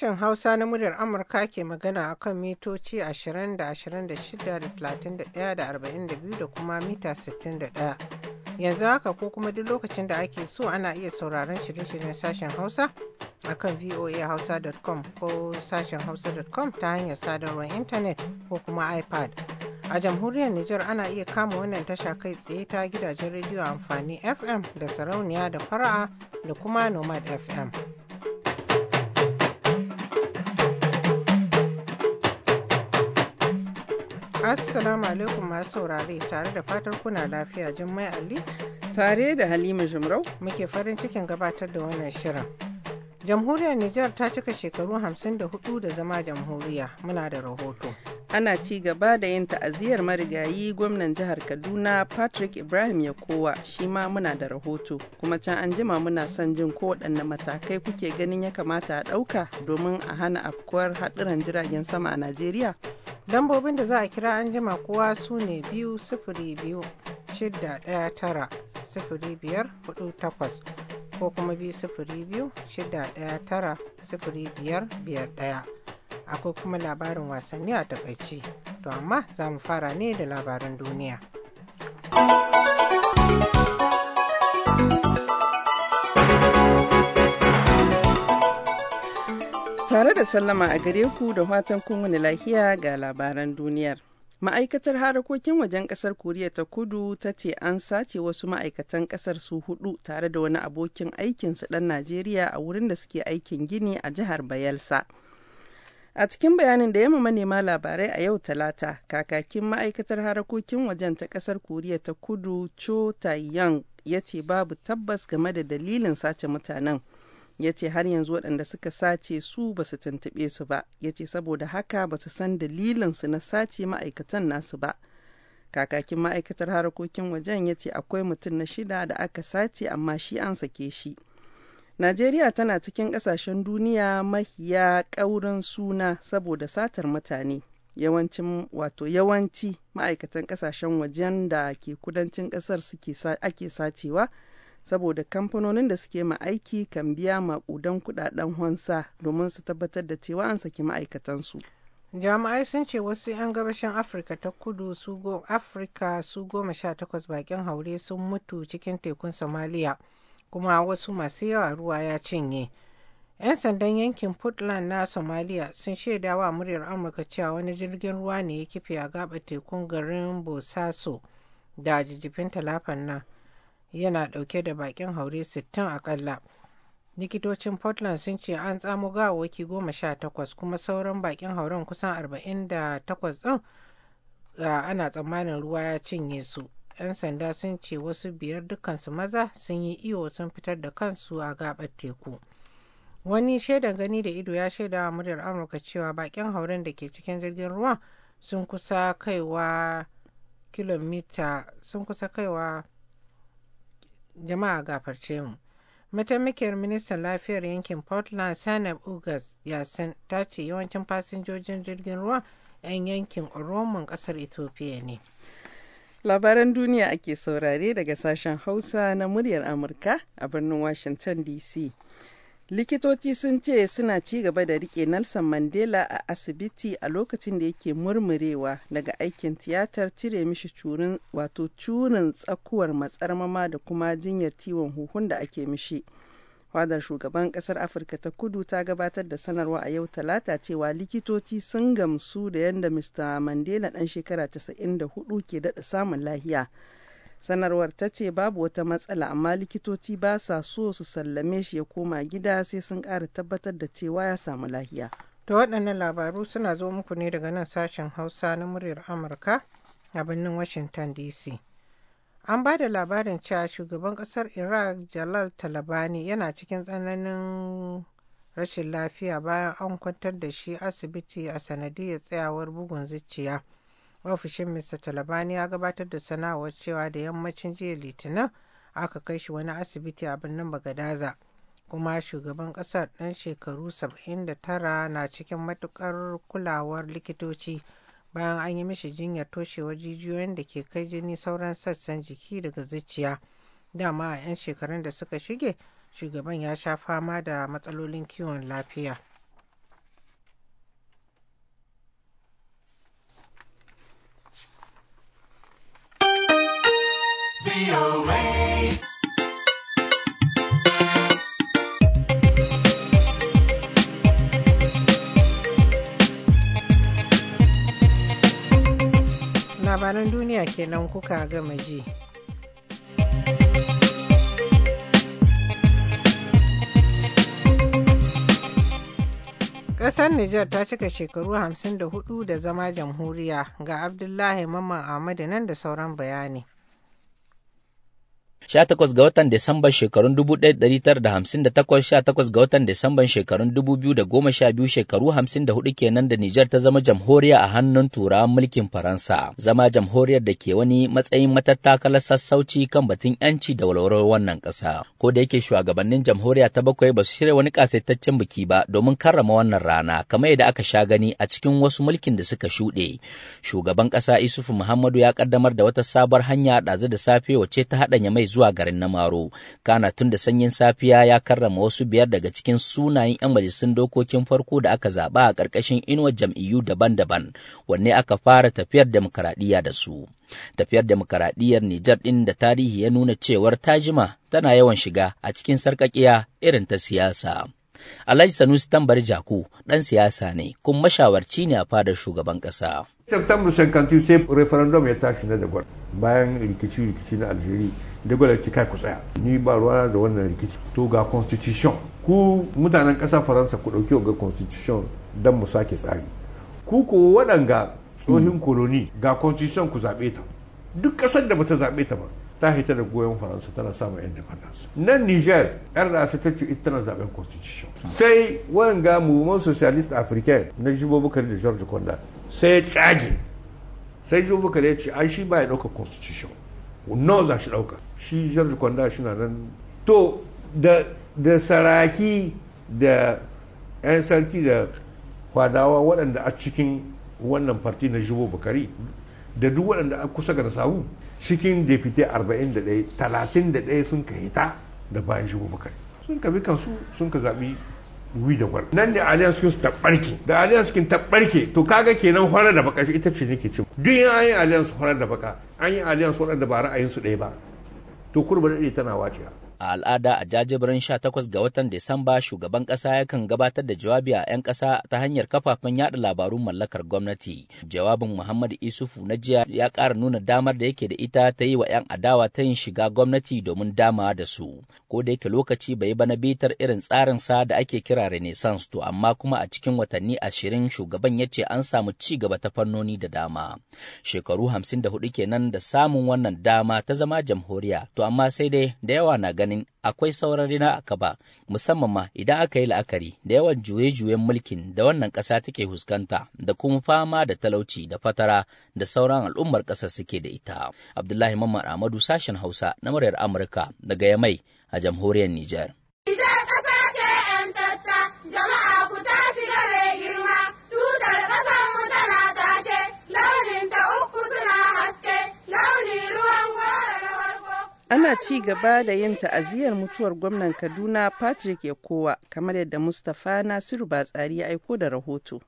Sashen Hausa na muryar Amurka ke magana a kan mitoci 20 da 26 da da kuma mita 61. Yanzu haka ko kuma duk lokacin da ake so ana iya sauraron shirye-shiryen sashen Hausa a kan voahausa.com ko sashen hausa.com ta hanyar sadarwar intanet ko kuma iPad. A jamhuriyar Nijar ana iya kama wannan tasha kai tsaye ta gidajen rediyo amfani FM da sarauniya da fara'a da kuma Nomad FM. Assalamu alaikum masu saurare tare da fatar kuna lafiya Jummai Ali. Tare da Halima Jumrau. Muke farin cikin gabatar da wannan shirin. Jamhuriyar Nijar ta cika shekaru 54 da zama jamhuriya muna da rahoto. Ana ci gaba da yin ta'aziyar marigayi gwamnan jihar Kaduna Patrick Ibrahim ya kowa shi ma muna da rahoto kuma can an jima muna son jin ko waɗanne matakai kuke ganin ya kamata a ɗauka domin a hana afkuwar haɗuran jiragen sama a Najeriya. Lambobin da za a kira an jima kowa su ne biyu sifiri biyu shidda ɗaya tara sifiri biyar hudu takwas ko kuma biyu sifiri biyu shidda ɗaya tara sifiri biyar biyar ɗaya. Akwai kuma labarin wasanni a takaici. To amma za mu fara ne da labaran duniya. Tare da sallama a gare ku da watan kowane lahiya ga labaran duniyar. Ma'aikatar harakokin wajen kasar Koriya ta kudu ta ce an sace wasu ma'aikatan kasar su hudu tare da wani abokin aikinsu ɗan Najeriya a wurin da suke aikin gini a jihar Bayelsa. A cikin bayanin da ya manema labarai a yau talata, kakakin ma'aikatar harakokin wajen ta kasar Koriya ta kudu Cho Tae-yang ya ce babu tabbas game da dalilin sace mutanen. ya ce har yanzu waɗanda suka sace su ba su tuntuɓe su ba ya ce saboda haka ba su san su na sace ma'aikatan nasu ba kakakin ma'aikatar harkokin wajen ya ce akwai mutum na shida da aka sace amma shi an sake shi najeriya tana cikin ƙasashen duniya mahiya ƙaurin suna saboda satar mutane yawancin wato yawanci ma'aikatan ƙasashen wajen da ke kudancin ƙasar ake sacewa saboda kamfanonin da suke ma aiki kan biya maƙudan kuɗaɗen honsa domin su tabbatar da cewa an saki ma'aikatansu. jami'ai sun ce wasu 'yan gabashin afirka ta kudu su afirka su goma sha takwas bakin haure sun mutu cikin tekun somaliya kuma wasu masu yawa ruwa ya cinye 'yan sandan yankin puntland na somaliya sun shaida wa muryar amurka cewa wani jirgin ruwa ne ya kife a gaba tekun garin bosaso da jijjifin talafan nan yana dauke da bakin haure 60 akalla. likitocin portland sun ce an tsamo gawawaki goma sha takwas kuma sauran bakin hauren kusan arba'in da takwas ana tsammanin ruwa ya cinye su yan sanda sun ce wasu biyar dukansu maza sun yi iyo sun fitar da kansu a gabar teku wani shaidan gani da ido ya shaida wa muryar amurka cewa bakin hauren da ke cikin jirgin ruwa sun kusa kaiwa kilomita sun kusa kaiwa jama'a gafarce mu mataimakiyar ministan lafiyar yankin portland sanab ugas yasin ta ce yawancin fasinjojin jirgin ruwa 'yan yankin oromon kasar ethiopia ne labaran duniya ake saurare daga sashen hausa na muryar amurka a birnin washington dc likitoci sun ce suna ci gaba da rike nelson mandela a asibiti a lokacin da yake murmurewa daga aikin tiyatar cire mishi curin wato curin tsakuwar matsar mama da kuma jinyar ciwon huhun da ake mishi fadar shugaban kasar afirka ta kudu ta gabatar da sanarwa a yau talata cewa likitoci sun gamsu da yadda mr mandela dan shekara 94 ke daɗa samun lahiya sanarwar ta ce babu wata matsala amma likitoci ba sa so su sallame shi ya koma gida sai sun ƙara tabbatar da cewa ya samu lahiya da waɗannan labaru suna zo muku ne daga nan sashen hausa na muryar amurka a birnin washington dc an ba da labarin cewa shugaban ƙasar iraq jalal talabani yana cikin tsananin rashin lafiya bayan an kwantar da shi asibiti a sanadiyar tsayawar bugun zuciya. ofishin mr talabani ya gabatar da sana'ar cewa da yammacin jiya litinin aka kai shi wani asibiti a birnin bagadaza kuma shugaban kasar ɗan shekaru 79 na cikin matukar kulawar likitoci bayan an yi mishi jinyar toshewar jijiyoyin da ke kai jini sauran sassan jiki daga zuciya dama a 'yan shekarun da suka shige shugaban ya sha fama da matsalolin kiwon lafiya labaran duniya kenan kuka gama ji. Ƙasar Nijar ta cika shekaru 54 da zama jamhuriya ga Abdullahi Mamman Ahmadu nan da sauran bayani. 18 ga watan Disamban shekarun 1958, 18 ga watan Disamban shekarun 2012 shekaru 54 kenan da Nijar ta zama jamhuriya a hannun turawan mulkin Faransa. Zama jamhuriyar da ke wani matsayin matattakalar sassauci kan batun yanci da walwalar wannan ƙasa. Ko da yake shugabannin jamhuriya ta bakwai ba su shirya wani ƙasaitaccen biki ba domin karrama wannan rana kamar yadda aka sha gani a cikin wasu mulkin da suka shuɗe. Shugaban ƙasa Isufu Muhammadu ya ƙaddamar da wata sabuwar hanya ɗazu da safe wacce ta haɗanya mai zuwa garin na Maro. Kana tun da sanyin safiya ya karrama wasu biyar daga cikin sunayen 'yan majalisun dokokin farko da aka zaɓa a ƙarƙashin inuwar jam'iyyu daban-daban, wanne aka fara tafiyar demokaradiyya da su. Tafiyar demokaradiyyar Nijar ɗin da tarihi ya nuna cewar tajima tana yawan shiga a cikin sarƙaƙiya irin ta siyasa. Alhaji Sanusi Tambari Jaku ɗan siyasa ne kuma mashawarci ne a fadar shugaban ƙasa. September 52 sai referendum ya tashi na da bayan rikici-rikici na Algeria. dagwalar ki kai ku tsaya ni ba ruwa da wannan rikici to ga constitution ku mutanen ƙasa faransa ku ɗauki ga constitution don mu sake tsari ku ko waɗanga tsohin mm. koloni ga constitution ku zaɓe ta duk ƙasar da bata zaɓe ta ba ta hita da goyon faransa tana samun independence nan niger yar da ta ce ita tana zaben constitution mm. sai wanga muhimman socialist africain na jibo bukari da george conda sai ya tsage sai jibo bukari ya ce an shi ba ya constitution nawa za shi ɗauka shi george kwanda shi na nan to da saraki da 'yan sarki da kwadawa waɗanda a cikin wannan farti na jibo bakari da duk waɗanda a kusa ga nasabu cikin depute 41 31 sun ka hita da bayan jibo bakari sun ka bi kansu sun ka zaɓi wi da gwal nan ne alliance sukin ta barke da aliyar sukin ta barke to kaga kenan horar da baka ita ce nake cin duk an yi su horar da baka an yi horar da ba ra'ayin su ɗaya ba to kurba da tana wacewa A al'ada a jajibirin 18 ga watan Disamba shugaban ƙasa yakan gabatar da jawabi a 'yan ƙasa ta hanyar kafafen yada labarun mallakar gwamnati. Jawabin Muhammadu Isufu na jiya ya ƙara nuna damar da yake da ita ta yi wa 'yan adawa ta yin shiga gwamnati domin dama da su. Ko da yake lokaci bai bana bitar irin tsarin sa da ake kira Renaissance to amma kuma a cikin watanni ashirin shugaban ya ce an samu ci gaba ta fannoni da dama. Shekaru hamsin da hudu kenan da samun wannan dama ta zama jamhuriya to amma sai dai da yawa na ganin ganin akwai sauran rina a ba musamman ma idan aka yi la'akari da yawan juye-juyen mulkin da wannan ƙasa take huskanta da kuma fama da talauci da fatara da sauran al'ummar ƙasar suke da ita. Abdullahi Mamman Ahmadu sashen Hausa na muryar Amurka daga Yamai a jamhuriyar Nijar. ana ci gaba da yin ta'aziyar mutuwar gwamnan kaduna patrick yakowa kamar yadda mustapha nasiru batsari ya aiko da rahoto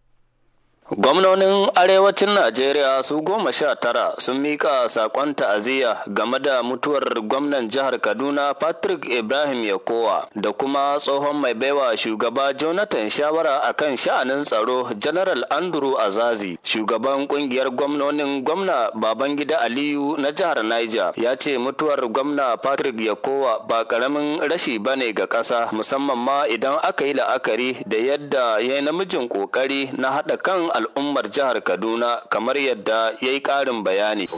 Gwamnonin Arewacin Najeriya su goma sha tara sun miƙa saƙon ta'aziyya game da mutuwar gwamnan jihar Kaduna Patrick Ibrahim Yakowa da kuma tsohon mai baiwa shugaba Jonathan shawara akan sha'anin tsaro General Andrew Azazi. Shugaban ƙungiyar gwamnonin gwamna Babangida Aliyu na jihar Niger ya ce mutuwar gwamna Patrick Yakowa ba ƙaramin rashi ba ne ga ƙasa musamman ma idan aka yi la'akari da yadda ya yi namijin ƙoƙari na haɗa kan al'ummar jihar Kaduna kamar yadda ya yi ƙarin bayani.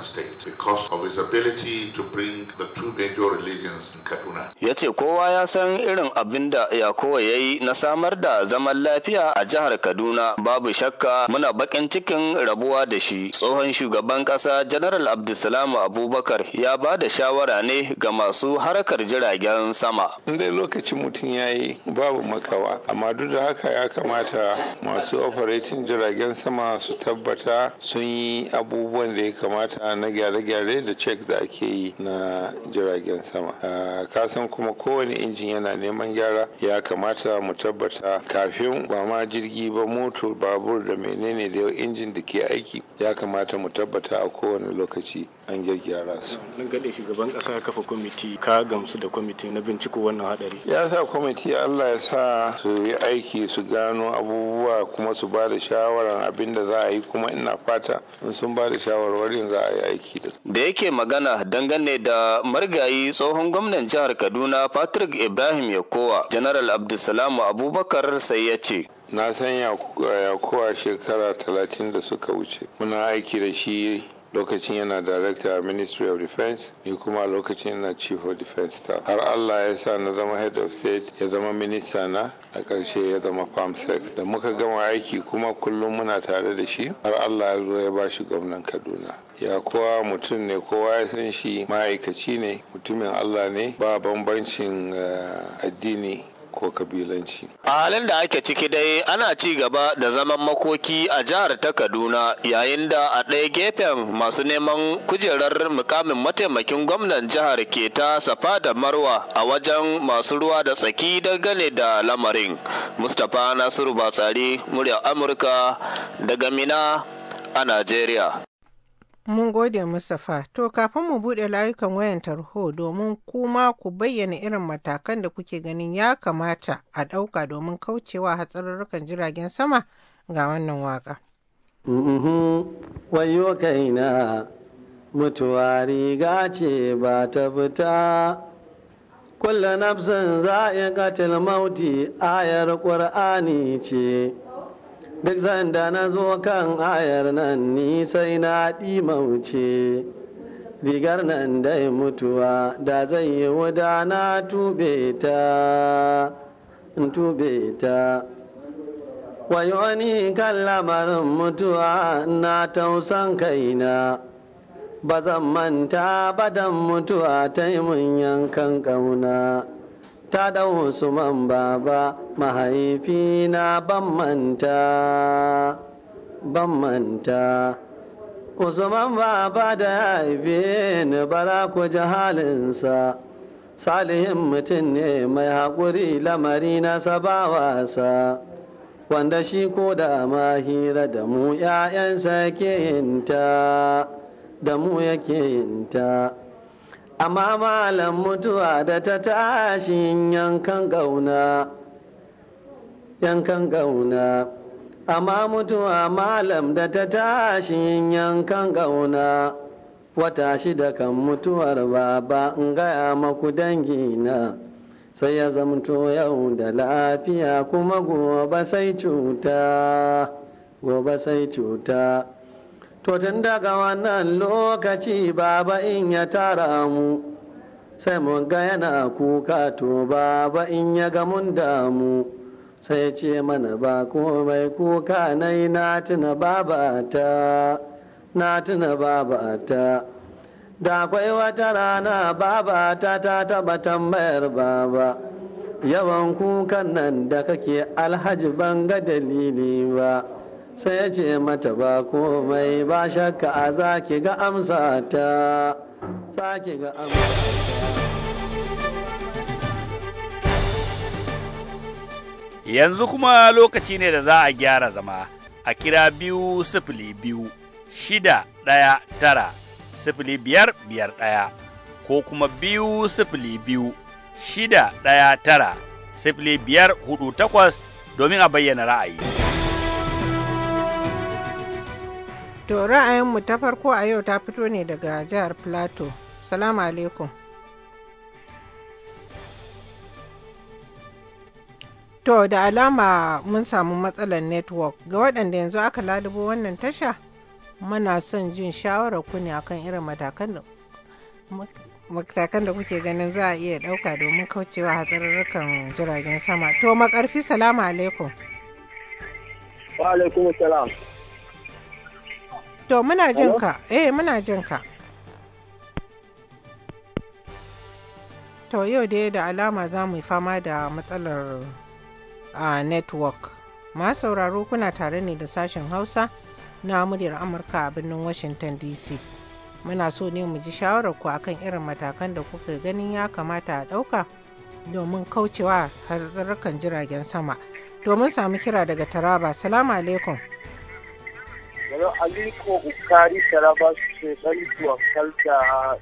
Kaduna state because of his ability to bring the two major religions in Kaduna. Ya ce kowa ya san irin abin da Yakubu ya yi na samar da zaman lafiya a jihar Kaduna babu shakka muna bakin cikin rabuwa da shi. Tsohon shugaban Kasa General Abdulsalam Abubakar ya ba da shawara ne ga masu harkar jiragen sama. In dai lokacin mutum ya yi babu makawa amma duk da haka ya kamata masu operating jiragen sama su tabbata sun yi abubuwan da ya kamata na gyare-gyare da checks da ake yi na jiragen sama ah, kasan kuma kowane injin yana neman gyara ya kamata mu tabbata kafin ba ma jirgi ba moto babur da menene da yau injin da ke aiki ya kamata mu tabbata a kowane lokaci an gyaggyara su. Dangane shugaban kafa kwamiti ka gamsu da kwamiti na binciko wannan hadari. Ya sa kwamiti Allah ya sa su yi aiki su gano abubuwa kuma su ba da shawarar abinda da za a yi kuma ina fata in sun ba da shawarwarin za a yi yi aiki da Da yake magana dangane da marigayi tsohon gwamnan jihar Kaduna Patrick Ibrahim Yakowa, General Abdulsalam Abubakar sai ya ce. Na san Yakowa shekara talatin da suka wuce. Muna aiki da shi lokacin yana director a ministry of defense ni kuma lokacin yana chief of defense staff har allah ya sa na zama head of state ya zama minista na a ƙarshe ya zama farm famsec da muka gama aiki kuma kullum muna tare da shi har allah ya zo ya bashi gwamnan kaduna ya kowa mutum ne kowa ya san shi ma'aikaci ne mutumin allah ne ba bambancin eh, addini ko kabilanci. A halin da ake ciki dai ana ci gaba da zaman makoki a jihar ta Kaduna yayin da a ɗaya gefen masu neman kujerar mukamin mataimakin gwamnan jihar ke ta safa da marwa a wajen masu ruwa da tsaki dangane da lamarin. Mustapha Nasiru Batsari, muryar Amurka daga Mina a Najeriya. Mun gode Mustapha. To kafin mu buɗe layukan wayan tarho domin kuma ku bayyana irin matakan da kuke ganin ya kamata a ɗauka domin kaucewa hatsarurrukan jiragen sama ga wannan waka. Wayo kaina mutuwa riga ce ba ta fita. kullum nafsin za'in katil mauti ayar ƙur'ani ce. duk sanda na zo kan ayar nan ni sai na ɗi mauce rigar nan dai mutuwa da zai yi wuda na tube ta tube ta wani kan lamarin mutuwa na tausan kaina ba zan manta badan mutuwa ta yi mun yankan ƙauna ta ɗau Usman baba mahaifina ban manta ban manta Usman baba da ya haife ni bara ku ji halinsa salihin mutum ne mai haƙuri lamari na sabawasa wanda shi ko da ma hira da mu ‘ya'yansa ke yinta da mu yake yinta amma malam mutuwa da ta tashi yankan ƙauna yankan ƙauna amma mutuwa malam da ta tashi yankan ƙauna wata shida kan mutuwar baba in gaya maku dangina sai ya zamto yau da lafiya kuma gobe sai cuta gobe sai cuta to tun daga wannan lokaci baba in ya tara mu sai mun ga yana kuka to baba in ya ga mun damu sai ce mana ba komai kuka na yi na tuna babata na tuna ta da akwai wata rana babata ta taba tambayar baba yawan kukan nan da kake alhaji ban ga dalili ba sai ya ce mata ba komai ba shakka a za ki ga amsa ta za ki ga amsa yanzu kuma lokaci ne da za a gyara zama a kira biyu sifili biyu shida ɗaya tara sifili biyar biyar ɗaya ko kuma biyu sifili biyu shida ɗaya tara sifili biyar hudu takwas domin a bayyana ra'ayi. To ra'ayinmu ta farko a yau ta fito ne daga jihar Plateau. Salamu alaikum. To da alama mun samu matsalar network ga waɗanda yanzu aka lalubo wannan tasha muna son jin shawarar ku ne akan irin matakan da kuke ganin za a iya ɗauka domin kaucewa hatsarurrukan jiragen sama. To makarfi salamu alaikum. Wa alaikum salam. To muna jin ka. Eh muna jin ka. To yau dai da alama za mu yi fama da matsalar a network. Ma sauraro kuna tare ne da sashen Hausa na muryar Amurka a birnin Washington DC. Muna so ne mu ji shawarar ku akan irin matakan da kuka ganin ya kamata a ɗauka domin kaucewa harkarrakan jiragen sama. Domin samu kira daga Taraba. Salamu alaikum. Daga Aliko Ukari Taraba Shekaru Tuwa Kalta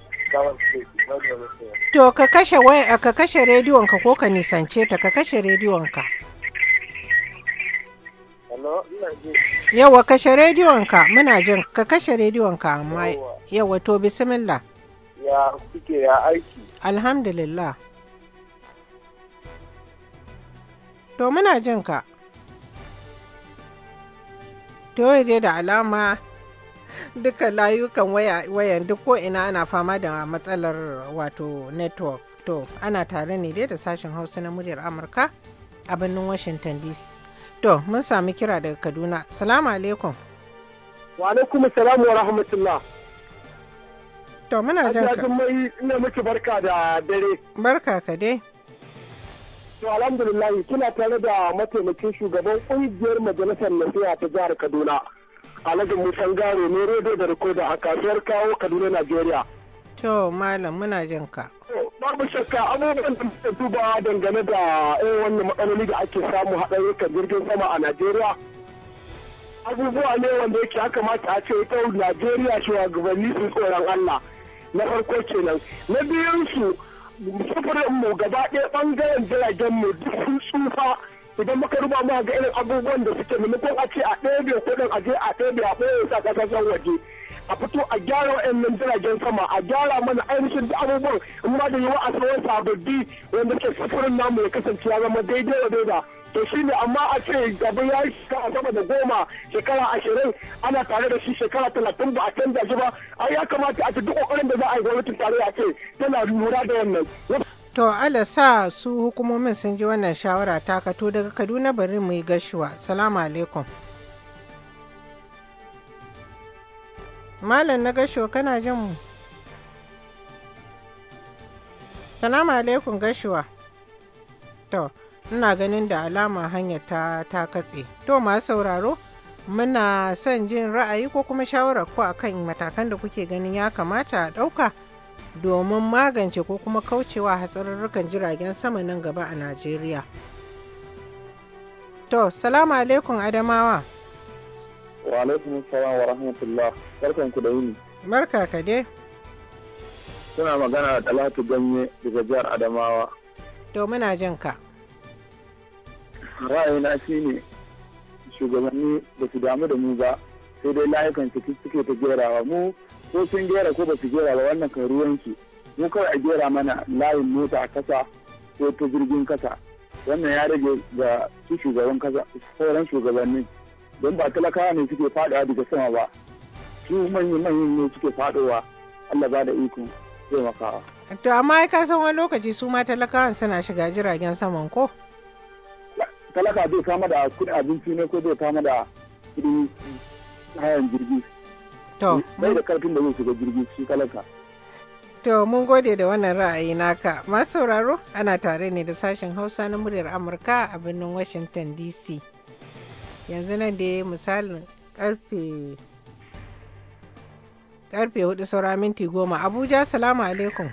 To ka kashe waya ka kashe rediyon ka ko ka nisance ta ka kashe rediyon ka. Yawa kashe rediyon ka muna jin ka kashe rediyon ka amma yawa to bismillah. Ya kuke ya aiki. Alhamdulillah. To muna jin ka. to yau dai da alama duka layukan wayan duk ko ina ana fama da matsalar wato network to ana tare ne dai da sashen hausa na muryar amurka a birnin washington dc to mun sami kira daga kaduna salamu alaikum wa alaikum salamu wa rahmatullah to muna jan ka ina miki barka da dare barka ka dai To alhamdulillah kina tare da mataimakin shugaban kungiyar majalisar nasiya ta jihar Kaduna. Alhaji Musan Garo ne rodo da rikoda a kasuwar kawo Kaduna Najeriya. To malam muna jin ka. Babu shakka abubuwan da muke duba dangane da irin eh, wannan matsaloli da ake samu kan jirgin sama a Najeriya. Abubuwa ne wanda yake haka kamata a ce ita Najeriya shugabanni su tsoron Allah. Na farko kenan. Na biyun su sufurin mu gaba ɗaya ɓangaren jiragen mu duk sun tsufa idan muka ruba mu ga irin abubuwan da suke maimakon a ce a ɗebe kuɗin a je a ɗebe a ɓoye sa kasar waje a fito a gyara wa'annan jiragen sama a gyara mana ainihin duk abubuwan in ma da yiwu a sauran sababbi wanda ke sufurin namu ya kasance ya zama daidai wa daidai to shi ne amma a ce gaba ya yi shekara sama da goma shekara ashirin ana tare da shi shekara talatin ba a canza shi ba ai ya kamata a ce duk kokarin da za a yi gwamnatin a ce tana lura da wannan. To ala sa su hukumomin sun ji wannan shawara ta kato daga Kaduna bari mu yi gashuwa. Salamu alaikum. Malam na gasho kana jin mu? Salamu alaikum gashuwa. To. ina ganin da alama hanyar ta, ta katse to masu sauraro muna son jin ra'ayi ko kuma shawarar ku akan matakan da kuke ganin ya kamata a ɗauka domin magance ko kuma kaucewa hatsarurrukan jiragen sama nan gaba a najeriya to salamu alaikum adamawa wa alaikum salam wa rahmatullah barkan ku da yini barka ka dai suna magana da talatu ganye daga jihar adamawa to muna jin ka ra'ayina shi ne shugabanni ba su damu da mu ba sai dai layukan su suke ta gerawa mu ko sun gera ko ba su gera ba wannan kan ruwanki mu kawai a gera mana layin mota a kasa ko ta jirgin kasa wannan ya rage ga su shugaban kasa sauran shugabannin don ba talakawa ne suke fadawa daga sama ba su manyan manyan ne suke fadowa Allah ba da iko taimakawa. To amma ka san wani lokaci su ma talakawan suna shiga jiragen saman ko? talaka zai kama da kudin abinci ne ko zai kama da kudin hayan jirgi to mai da karfin da zai shiga jirgi shi talaka to mun gode da wannan ra'ayi naka masu sauraro ana tare ne da sashen hausa na muryar amurka a birnin washington dc yanzu nan da misalin karfe karfe hudu saura minti goma abuja salamu alaikum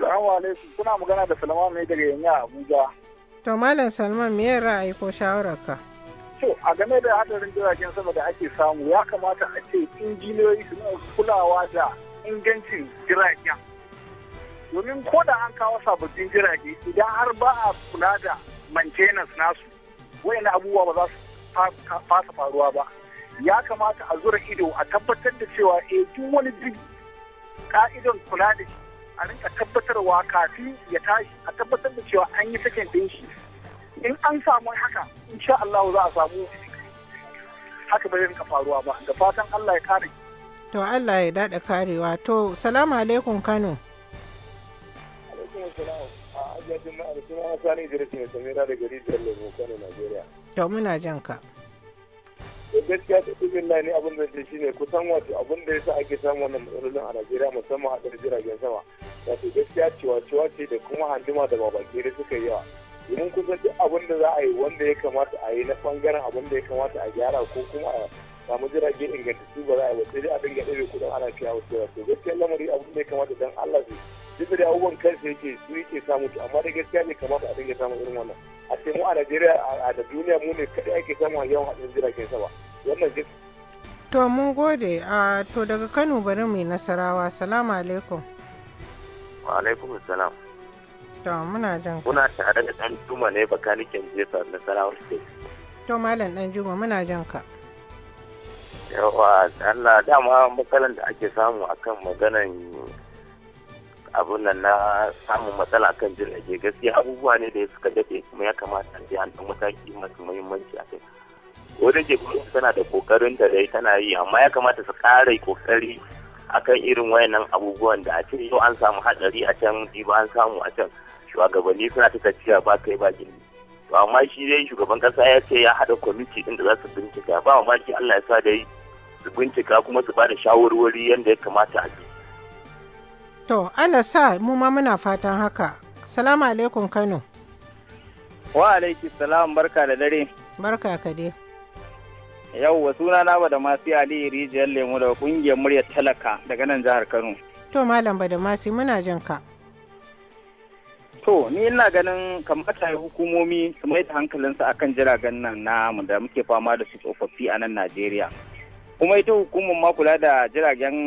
salamu alaikum kuna magana da salama mai daga yanya abuja To Malam Salman me ra'ayi ko shawararka? To a game da hadarin jiragen sama da ake samu ya kamata a ce injiniyoyi su kulawa da ingancin jiragen. Domin ko da an kawo sababbin jirage idan har ba a kula da maintenance nasu wayan abubuwa ba za su fasa faruwa ba. Ya kamata a zura ido a tabbatar da cewa eh duk wani duk ka'idan kula da shi a rinka tabbatarwa kafin ya tashi a tabbatar da cewa an yi sakin din shi in an samu haka insha Allah za a samu haka ba rinka faruwa ba da fatan Allah ya kare to Allah ya dada karewa to salamu alaikum Kano To muna jan ka. gaskiya su cikin ne abin da shi ne kusan wato abin da yasa ake samun wannan matsalolin a najeriya musamman a ɗan jiragen sama wato gaskiya cewa-cewa ce da kuma handuma da da suka yi yawa domin kusan duk abin da za a yi wanda ya kamata a yi na bangaren abin da ya kamata a gyara ko kuma a samu jirage ingantattu ba za a yi sai dai a dinga ɗaure kuɗin ana fiya wasu yara to gaskiya lamari abu ne kamata dan Allah su duk da abubuwan kansu yake su yake samu to amma da gaskiya ne kamata a dinga samun irin wannan a ce mu a Najeriya a da duniya mu ne kaɗai ake samu a yawan haɗin jiragen sama wannan To mun gode a to daga Kano bari mai nasarawa salamu alaikum. Wa alaikum salam. To muna jan Muna tare da ɗan Juma ne bakanikin jefa nasarawar state. To malam ɗan Juma muna jan ka. yawa Allah dama matsalan da ake samu akan maganan abun na samun matsala kan jirage gaskiya abubuwa ne da ya suka dade kuma ya kamata a an ɗan mataki masu muhimmanci a kai ko da ke tana da kokarin da dai tana yi amma ya kamata su ƙara kokari akan irin wayannan abubuwan da a ce yau an samu hatsari a can ba an samu a can shugabanni suna ta tafiya ba kai ba gini to amma shi dai shugaban kasa ya ce ya haɗa kwamiti inda za su bincika ba mamaki Allah ya sa dai su bincika kuma su ba shawarwari yadda ya kamata a bi. To, Allah sa mu ma muna fatan haka. Salamu alaikum Kano. Wa alaiki salam barka da dare. Barka ka dai. wa suna na da masu Ali Rijiyar Lemu daga kungiyar muryar talaka daga nan jihar Kano. To Malam da masu muna jin ka. To ni ina ganin kamata ya hukumomi su mai da hankalinsu akan jiragen nan na da muke fama da su tsofaffi a nan Najeriya. kuma ita hukumar ma kula da jiragen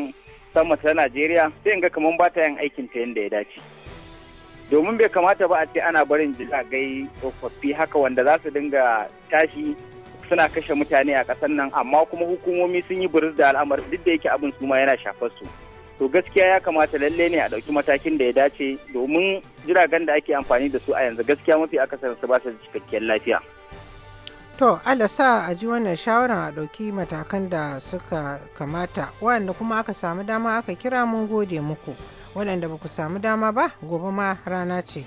sama ta najeriya sai in ga kamar ba ta yin aikin ta yadda ya dace domin bai kamata ba a ce ana barin jiragai tsofaffi haka wanda za su dinga tashi suna kashe mutane a ƙasar nan amma kuma hukumomi sun yi buris da al'amari duk da yake abin su ma yana shafar su to gaskiya ya kamata lalle ne a ɗauki matakin da ya dace domin jiragen da ake amfani da su a yanzu gaskiya mafi akasarin su ba su cikakkiyar lafiya To, sa a ji wannan shawarar a ɗauki matakan da suka kamata, waɗanda kuma aka samu dama aka kira mun gode muku, waɗanda ba ku samu dama ba gobe ma rana ce.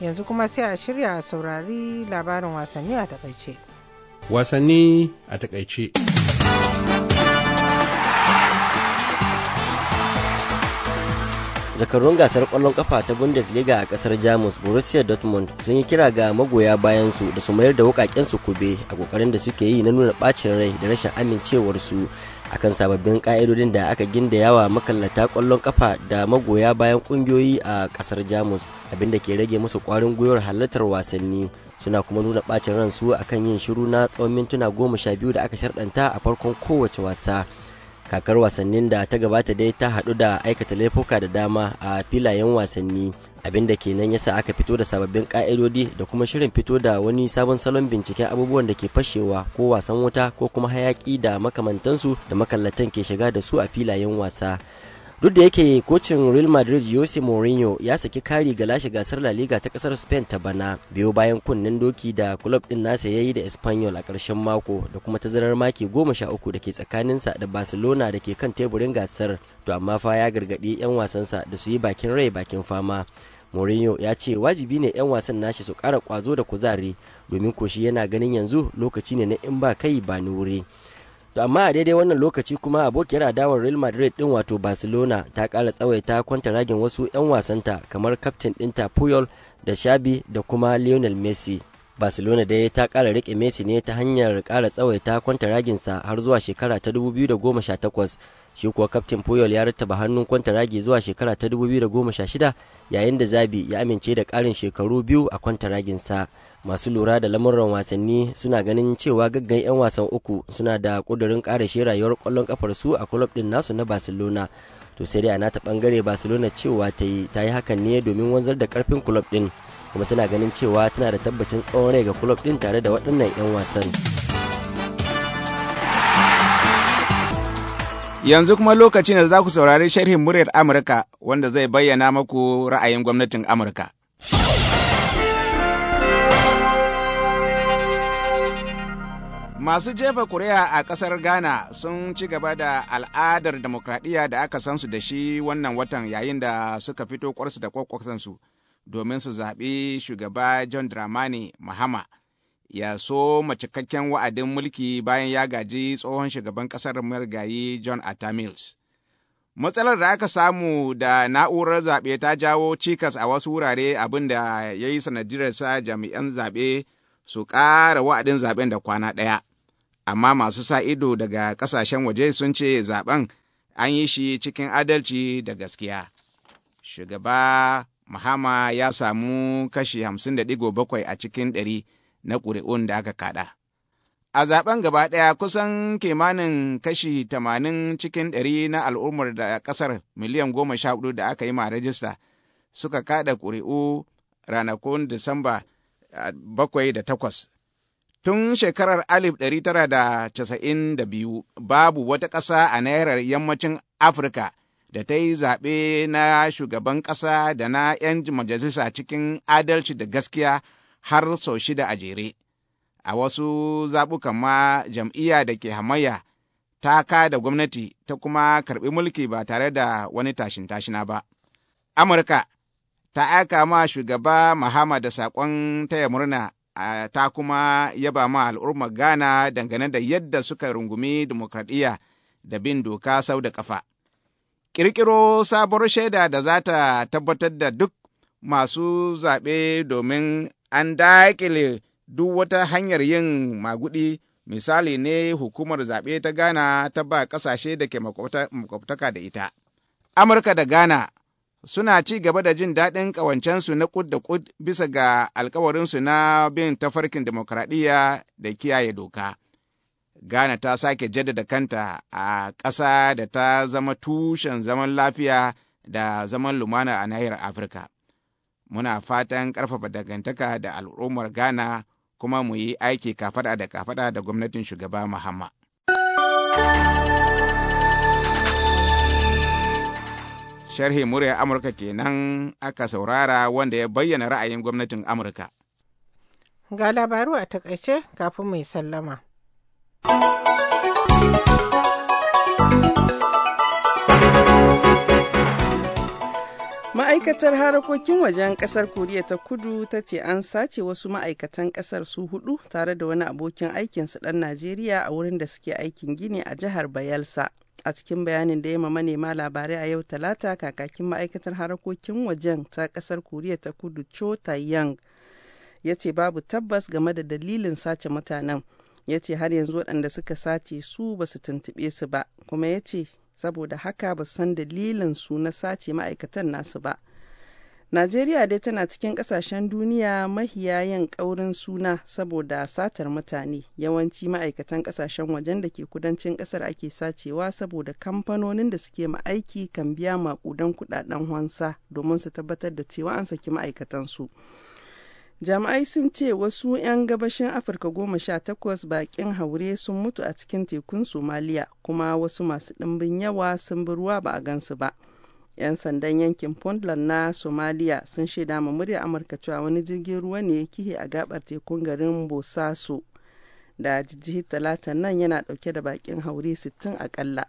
Yanzu kuma sai a shirya saurari labarin wasanni a takaice. Wasanni a takaice. zakarun gasar kwallon kafa ta bundesliga a kasar jamus borussia dortmund sun yi kira ga magoya bayansu da su mayar da wukakensu su kube a kokarin da suke yi na nuna bacin rai da rashin amincewarsu akan sababbin ka'idodin da aka ginda yawa makallata kwallon kafa da magoya bayan kungiyoyi a kasar jamus abinda ke rage musu kwarin gwiwar halartar wasanni suna kuma nuna bacin ransu akan yin shiru na tsawon mintuna goma sha biyu da aka sharɗanta a farkon kowace wasa kakar wasannin da ta gabata dai ta haɗu da aikata laifuka da dama a filayen wasanni abin da kenan yasa aka fito da sababbin ka'idodi da kuma shirin fito da wani sabon salon binciken abubuwan da ke fashewa ko wasan wuta ko kuma hayaki da makamantansu da makallatan ke shiga da su a filayen wasa duk da yake kocin real madrid jose mourinho ya saki kari ga lashe gasar la liga ta kasar spain ta bana biyo bayan kunnen doki da club din nasa ya yi da espanyol a karshen mako da kuma tazarar maki goma sha uku da ke tsakaninsa da barcelona da ke kan teburin gasar to amma fa ya gargaɗi 'yan wasansa da su yi bakin rai bakin fama Mourinho ya ce wajibi ne 'yan wasan nashi su kara kwazo da kuzari domin koshi yana ganin yanzu lokaci ne na in ba kai ba ni wuri. To amma a daidai wannan lokaci kuma abokiyar adawar Real Madrid din wato Barcelona ta kara tsawaita ragin wasu 'yan wasanta kamar kaftin ɗinta Puyol da shabi da kuma Lionel Messi. Barcelona dai ta kara rike Messi ne ta hanyar kara tsawaita raginsa har zuwa shekara ta 2018 shi kuwa kaftin Puyol ya rattaba hannun ragi zuwa shekara ta 2016 yayin da Zabi ya amince da karin shekaru biyu a raginsa. masu lura da lamuran wasanni suna ganin cewa gaggan 'yan wasan uku suna da kudurin karashe rayuwar kwallon kafar su a kulob din nasu na barcelona to sai dai a nata bangare barcelona cewa ta yi ta yi hakan ne domin wanzar da karfin kulob din kuma tana ganin cewa tana da tabbacin tsawon rai ga kulob din tare da waɗannan 'yan wasan yanzu kuma lokaci da za ku saurari sharhin muryar amurka wanda zai bayyana maku ra'ayin gwamnatin amurka masu jefa kuri'a a kasar ghana sun ci gaba da al'adar demokradiyya da aka san su da shi wannan watan yayin da suka fito kwarsu da kwakwatansu domin su zaɓi shugaba john dramani mahama ya so macikakken wa'adin mulki bayan ya gaji tsohon shugaban kasar marigayi john atta mills matsalar da aka samu da na'urar zaɓe ta jawo cikas a wasu wurare abin da ya yi sanadiyarsa jami'an zaɓe su ƙara wa'adin zaɓen da kwana ɗaya amma masu sa ido daga kasashen waje sun ce zaben an yi shi cikin adalci da gaskiya. Shugaba Mahama ya samu kashi hamsin da a cikin ɗari na ƙuri'un da aka kaɗa. A zaben gaba ɗaya kusan kimanin kashi tamanin cikin ɗari na al'ummar da ƙasar miliyan goma sha da aka yi ma rajista suka kaɗa ƙuri'u ranakun Disamba bakwai da takwas Tun shekarar 1992 babu wata ƙasa a nairar yammacin Afirka da ta yi zaɓe na shugaban ƙasa da na 'yan majalisa cikin adalci da gaskiya har sau shida a jere. A wasu zaɓukan ma jam'iyya da ke hamayya ta da gwamnati ta kuma karɓi mulki ba tare da wani tashin tashina ba. Amurka ta aika ma shugaba Mahama da saƙon taya murna ta kuma yaba ma al'umma Ghana dangane da yadda suka rungumi demokradiyya da bin doka sau da kafa. Ƙirƙiro sabuwar shaida da za ta tabbatar da duk masu zaɓe domin an daƙile duk wata hanyar yin magudi misali ne hukumar zaɓe ta Ghana ta ba ƙasashe da ke makwabtaka da ita. Amurka da Ghana suna ci gaba da jin daɗin ƙawancensu na kud da kud bisa ga alkawarinsu na bin tafarkin demokradiyya da kiyaye doka. Ghana ta sake jaddada kanta a ƙasa da ta zama tushen zaman lafiya da zaman lumana a nahiyar Afirka. Muna fatan ƙarfafa dangantaka da al'ummar Ghana kuma mu yi aiki kafaɗa da kafaɗa da gwamnatin shugaba Muhammad. sharhi murya amurka kenan aka saurara wanda ya bayyana ra'ayin gwamnatin amurka ga labaru a takaice kafin mai sallama ma'aikatar harakokin wajen kasar koriya ta kudu ta ce an sace wasu ma'aikatan kasar su hudu tare da wani abokin aikinsu ɗan najeriya a wurin da suke aikin gini a jihar bayelsa a cikin bayanin da ya ma manema labarai a yau talata kakakin ma'aikatar harakokin wajen ta kasar koriya ta kudu cho Tae-yang ya ce babu tabbas game da dalilin sace mutanen ya ce har yanzu waɗanda suka sace su ba su tuntuɓe su ba kuma ya ce saboda haka ba san dalilin su na sace ma'aikatan nasu ba Najeriya dai tana cikin kasashen duniya mahiya yin ƙaurin suna saboda satar mutane yawanci ma'aikatan kasashen wajen da ke kudancin ƙasar ake sacewa saboda kamfanonin da suke ma'aiki kan biya maƙudan kudaden hansa domin su tabbatar da cewa an saki maaikatan su. jami'ai sun ce wasu 'yan gabashin afirka goma sha takwas bakin haure sun mutu a cikin tekun somaliya kuma wasu masu ɗimbin yawa sun bi ruwa ba a gansu ba. 'yan sandan yankin puntland na somalia sun shaida ma murya amurka cewa wani jirgin ruwa ne ya kihe a gabar tekun garin bosaso da jijjihar talatan nan yana dauke da bakin haure 60 akalla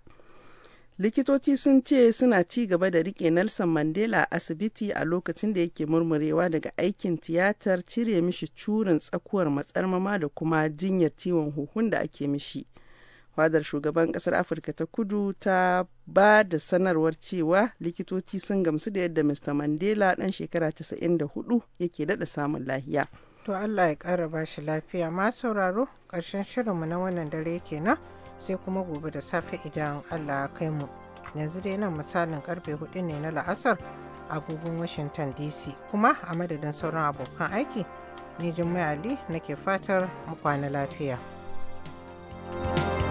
likitoci sun ce suna ci gaba da rike nelson mandela a asibiti a lokacin da yake murmurewa daga aikin tiyatar cire mishi curin tsakuwar matsarmama da kuma jinyar ciwon huhun da ake mishi. fadar shugaban kasar afirka ta kudu ta ba da sanarwar cewa likitoci sun gamsu da yadda mr mandela dan shekara 94 yake daɗa samun lahiya to allah ya kara ba shi lafiya ma sauraro shirin shirinmu na wannan dare kenan sai kuma gobe da safe idan allah ya kai mu yanzu dai nan misalin karfe hudu ne na la'asar agogon washington dc kuma a madadin sauran abokan aiki ni jimmy ali nake fatar mu kwana lafiya thank you